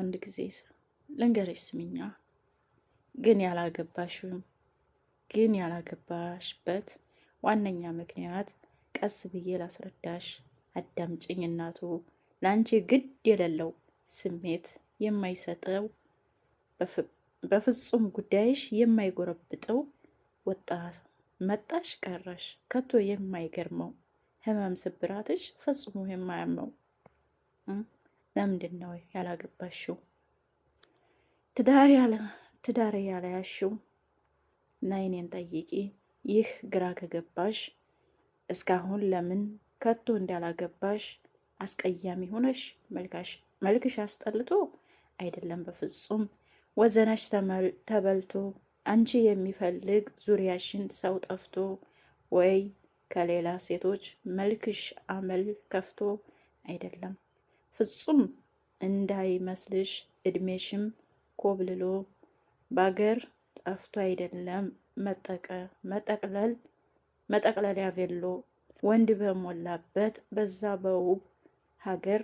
አንድ ጊዜ ልንገርሽ፣ ስሚኛ ግን ያላገባሽም ግን ያላገባሽበት ዋነኛ ምክንያት ቀስ ብዬ ላስረዳሽ፣ አዳምጭኝ እናቱ። ለአንቺ ግድ የሌለው ስሜት የማይሰጠው በፍጹም ጉዳይሽ የማይጎረብጠው ወጣት መጣሽ ቀረሽ ከቶ የማይገርመው ህመም ስብራትሽ ፈጽሞ የማያመው ለምንድን ነው ያላገባሽው? ትዳር ያለ ትዳር ናይኔን ጠይቂ። ይህ ግራ ከገባሽ እስካሁን ለምን ከቶ እንዳላገባሽ አስቀያሚ ሆነሽ መልክሽ አስጠልቶ አይደለም፣ በፍጹም ወዘናሽ ተበልቶ አንቺ የሚፈልግ ዙሪያሽን ሰው ጠፍቶ ወይ ከሌላ ሴቶች መልክሽ አመል ከፍቶ አይደለም ፍጹም እንዳይመስልሽ እድሜሽም ኮብልሎ ባገር ጠፍቶ አይደለም መጠቅለል መጠቅለያ ቬሎ ወንድ በሞላበት በዛ በውብ ሀገር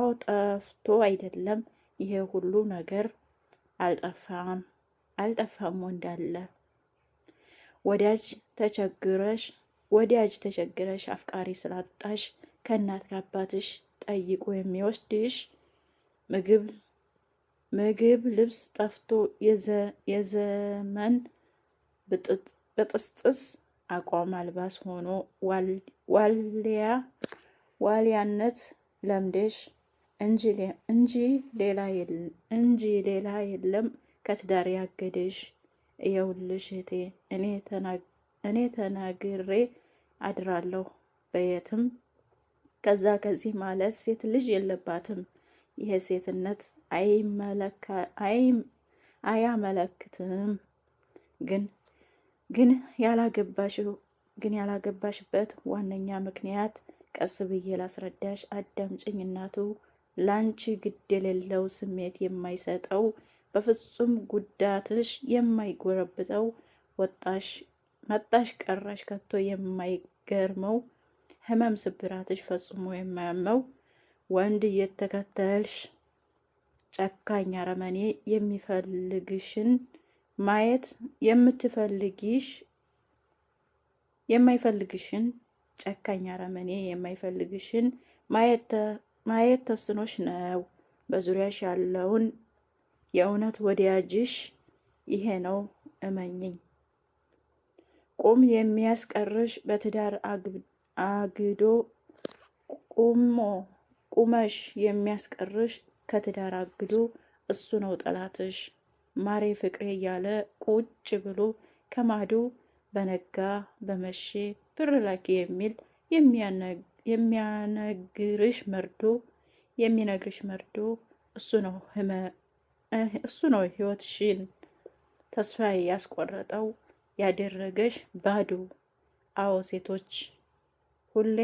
አወጠፍቶ አይደለም ይሄ ሁሉ ነገር አልጠፋም አልጠፋም ወንድ አለ ወዳጅ ተቸግረሽ ወዳጅ ተቸግረሽ አፍቃሪ ስላጣሽ ከእናት ከአባትሽ ጠይቆ የሚወስድሽ ምግብ ምግብ፣ ልብስ ጠፍቶ የዘመን ብጥስጥስ አቋም አልባስ ሆኖ ዋልያነት ለምደሽ እንጂ ሌላ የለም ከትዳር ያገደሽ። የውልሽ እኔ ተናግሬ አድራለሁ በየትም ከዛ ከዚህ ማለት ሴት ልጅ የለባትም። ይሄ ሴትነት አያመለክትም። ግን ግን ያላገባሽው ግን ያላገባሽበት ዋነኛ ምክንያት ቀስ ብዬ ላስረዳሽ፣ አዳምጭኝ። እናቱ። ላንቺ ግድ የሌለው ስሜት የማይሰጠው በፍጹም ጉዳትሽ የማይጎረብጠው ወጣሽ መጣሽ ቀራሽ ከቶ የማይገርመው ህመም ስብራትሽ ፈጽሞ የማያመው ወንድ እየተከተልሽ ጨካኝ አረመኔ የሚፈልግሽን ማየት የምትፈልጊሽ የማይፈልግሽን ጨካኝ አረመኔ የማይፈልግሽን ማየት ተስኖሽ ነው። በዙሪያሽ ያለውን የእውነት ወዳጅሽ ይሄ ነው እመኝኝ። ቁም የሚያስቀርሽ በትዳር አግብ አግዶ ቁሞ ቁመሽ የሚያስቀርሽ ከትዳር አግዶ እሱ ነው ጠላትሽ ማሬ ፍቅሬ እያለ ቁጭ ብሎ ከማዶ በነጋ በመሼ ብር ላኪ የሚል የሚያነግርሽ መርዶ የሚነግርሽ መርዶ እሱ ነው ሽን ተስፋ ያስቆረጠው ያደረገሽ ባዶ። አዎ ሴቶች ሁሌ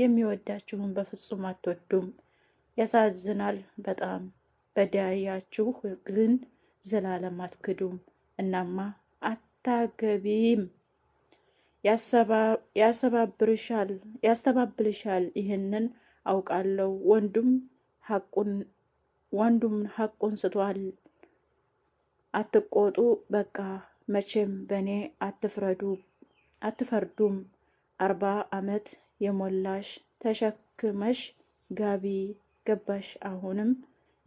የሚወዳችሁን በፍጹም አትወዱም። ያሳዝናል በጣም በዳያችሁ፣ ግን ዘላለም አትክዱም። እናማ አታገቢም ያስተባብልሻል። ይህንን አውቃለሁ። ወንዱም ሐቁን ስቷል። አትቆጡ በቃ መቼም በእኔ አትፈርዱም። አርባ አመት የሞላሽ ተሸክመሽ ጋቢ ገባሽ አሁንም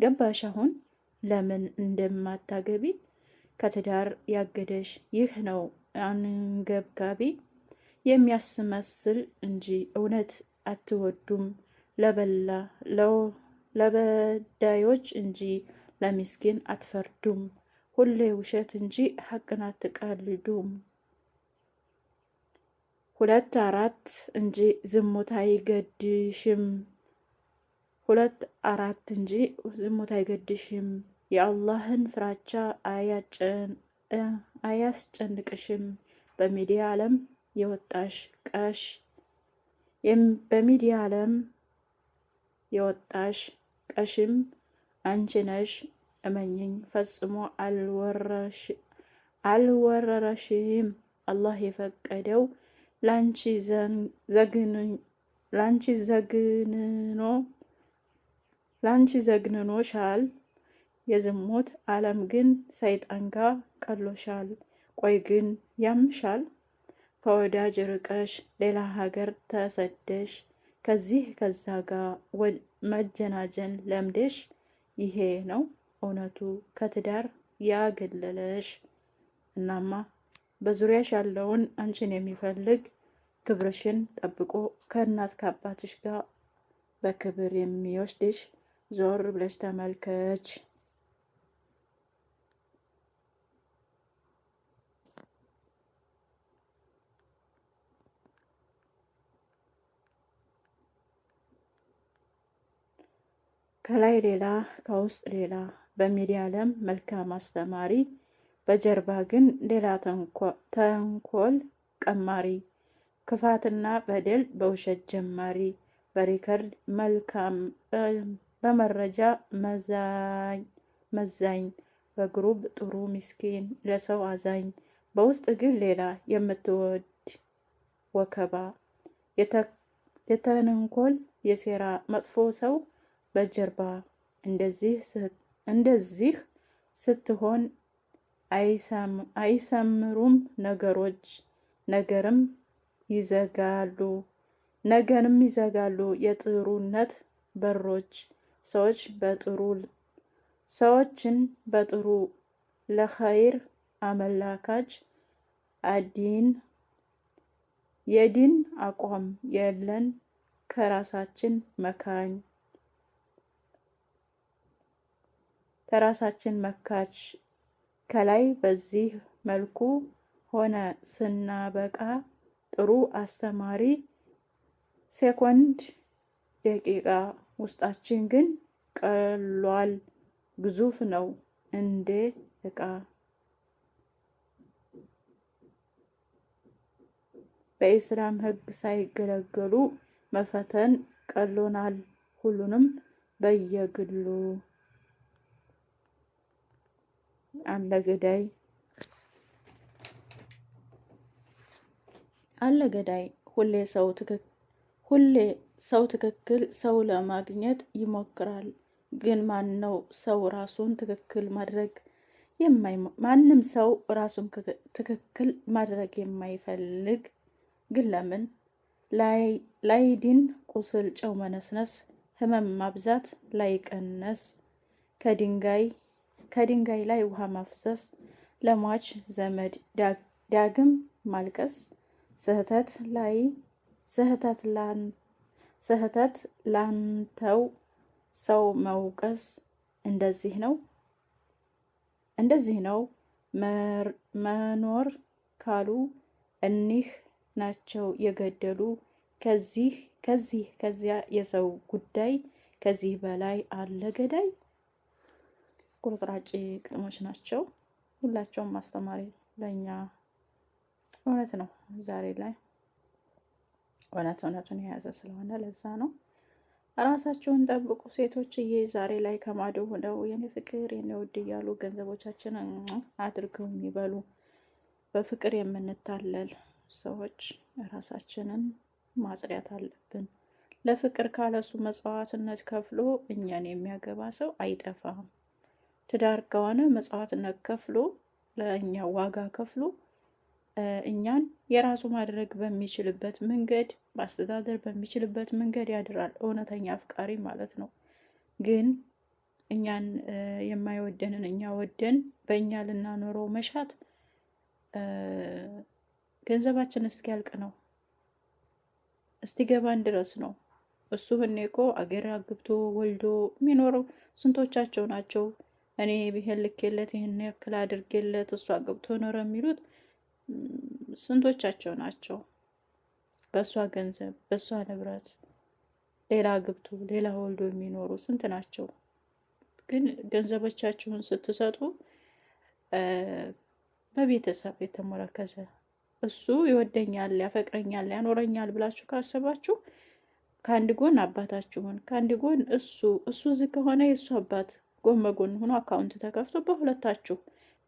ገባሽ አሁን ለምን እንደማታገቢ ከትዳር ያገደሽ ይህ ነው አንገብጋቢ የሚያስመስል እንጂ እውነት አትወዱም ለበላ ለበዳዮች እንጂ ለሚስኪን አትፈርዱም ሁሌ ውሸት እንጂ ሀቅን አትቀልዱም ሁለት አራት እንጂ ዝሙት አይገድሽም። ሁለት አራት እንጂ ዝሙት አይገድሽም። የአላህን ፍራቻ አያስጨንቅሽም። በሚዲያ ዓለም የወጣሽ ቀሽ በሚዲያ ዓለም የወጣሽ ቀሽም አንቺ ነሽ። እመኝኝ ፈጽሞ አልወረረሽም። አላህ የፈቀደው ላንቺ ዘግንኖሻል የዝሙት ዓለም ግን ሰይጣን ጋር ቀሎሻል። ቆይ ግን ያምሻል ከወዳጅ ርቀሽ ሌላ ሀገር ተሰደሽ ከዚህ ከዛ ጋር መጀናጀን ለምደሽ ይሄ ነው እውነቱ ከትዳር ያገለለሽ። እናማ በዙሪያሽ ያለውን አንቺን የሚፈልግ ክብርሽን ጠብቆ ከእናት ከአባትሽ ጋር በክብር የሚወስድሽ ዞር ብለሽ ተመልከች። ከላይ ሌላ ከውስጥ ሌላ በሚዲያ ዓለም መልካም አስተማሪ በጀርባ ግን ሌላ ተንኮል ቀማሪ፣ ክፋትና በደል በውሸት ጀማሪ፣ በሪከርድ መልካም፣ በመረጃ መዛኝ፣ በግሩብ ጥሩ ምስኪን፣ ለሰው አዛኝ፣ በውስጥ ግን ሌላ የምትወድ ወከባ፣ የተንኮል የሴራ መጥፎ ሰው በጀርባ እንደዚህ ስትሆን አይሰምሩም ነገሮች ነገርም ይዘጋሉ ነገርም ይዘጋሉ የጥሩነት በሮች ሰዎች በጥሩ ሰዎችን በጥሩ ለኸይር አመላካች አዲን የዲን አቋም የለን ከራሳችን መካኝ ከራሳችን መካች ከላይ በዚህ መልኩ ሆነ ስናበቃ ጥሩ አስተማሪ ሴኮንድ ደቂቃ ውስጣችን ግን ቀሏል። ግዙፍ ነው እንዴ እቃ። በኢስላም ሕግ ሳይገለገሉ መፈተን ቀሎናል። ሁሉንም በየግሉ አለ ገዳይ አለ ገዳይ። ሁሌ ሰው ትክክል ሁሌ ሰው ትክክል ሰው ለማግኘት ይሞክራል። ግን ማን ነው ሰው ራሱን ትክክል ማድረግ ማንም ሰው ራሱን ትክክል ማድረግ የማይፈልግ ግን ለምን ላይዲን ቁስል ጨው መነስነስ ህመም ማብዛት ላይቀነስ ከድንጋይ ከድንጋይ ላይ ውሃ ማፍሰስ፣ ለሟች ዘመድ ዳግም ማልቀስ፣ ስህተት ላይ ስህተት ላንተው ሰው መውቀስ እንደዚህ ነው እንደዚህ ነው መኖር ካሉ እኒህ ናቸው የገደሉ ከዚህ ከዚህ ከዚያ የሰው ጉዳይ ከዚህ በላይ አለ ገዳይ ቁርጥራጭ ግጥሞች ናቸው። ሁላቸውም አስተማሪ ለእኛ እውነት ነው። ዛሬ ላይ እውነት እውነቱን የያዘ ስለሆነ ለዛ ነው። ራሳቸውን ጠብቁ ሴቶች ይህ ዛሬ ላይ ከማዶ ሆነው የኔ ፍቅር የኔ ውድ እያሉ ገንዘቦቻችንን አድርገው የሚበሉ በፍቅር የምንታለል ሰዎች ራሳችንን ማጽዳት አለብን። ለፍቅር ካለሱ መጽዋዕትነት ከፍሎ እኛን የሚያገባ ሰው አይጠፋም። ትዳር ከሆነ መጽዋትነት ከፍሎ ለእኛ ዋጋ ከፍሎ እኛን የራሱ ማድረግ በሚችልበት መንገድ ማስተዳደር በሚችልበት መንገድ ያድራል። እውነተኛ አፍቃሪ ማለት ነው። ግን እኛን የማይወደንን እኛ ወደን በእኛ ልናኖረው መሻት ገንዘባችን እስኪያልቅ ነው፣ ገባን ድረስ ነው። እሱ እኔ እኮ አገር አግብቶ ወልዶ የሚኖረው ስንቶቻቸው ናቸው? እኔ ብሄን ልኬለት ይህን ያክል አድርጌለት እሷ ገብቶ ኖረ የሚሉት ስንቶቻቸው ናቸው? በእሷ ገንዘብ በእሷ ንብረት ሌላ ግብቶ ሌላ ወልዶ የሚኖሩ ስንት ናቸው? ግን ገንዘቦቻችሁን ስትሰጡ በቤተሰብ የተሞረከዘ እሱ ይወደኛል፣ ያፈቅረኛል፣ ያኖረኛል ብላችሁ ካሰባችሁ ከአንድ ጎን አባታችሁን ከአንድ ጎን እሱ እሱ እዚህ ከሆነ የእሱ አባት ጎን በጎን ሆኖ አካውንት ተከፍቶ በሁለታችሁ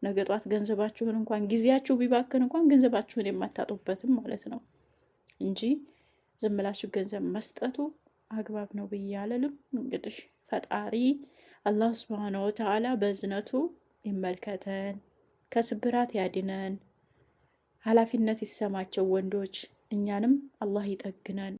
ነገ ጧት ገንዘባችሁን እንኳን ጊዜያችሁ ቢባክን እንኳን ገንዘባችሁን የማታጡበትም ማለት ነው እንጂ ዝም ብላችሁ ገንዘብ መስጠቱ አግባብ ነው ብያለልም። እንግዲህ ፈጣሪ አላህ ስብሓነ ወተዓላ በእዝነቱ ይመልከተን፣ ከስብራት ያድነን፣ ኃላፊነት ይሰማቸው ወንዶች፣ እኛንም አላህ ይጠግነን።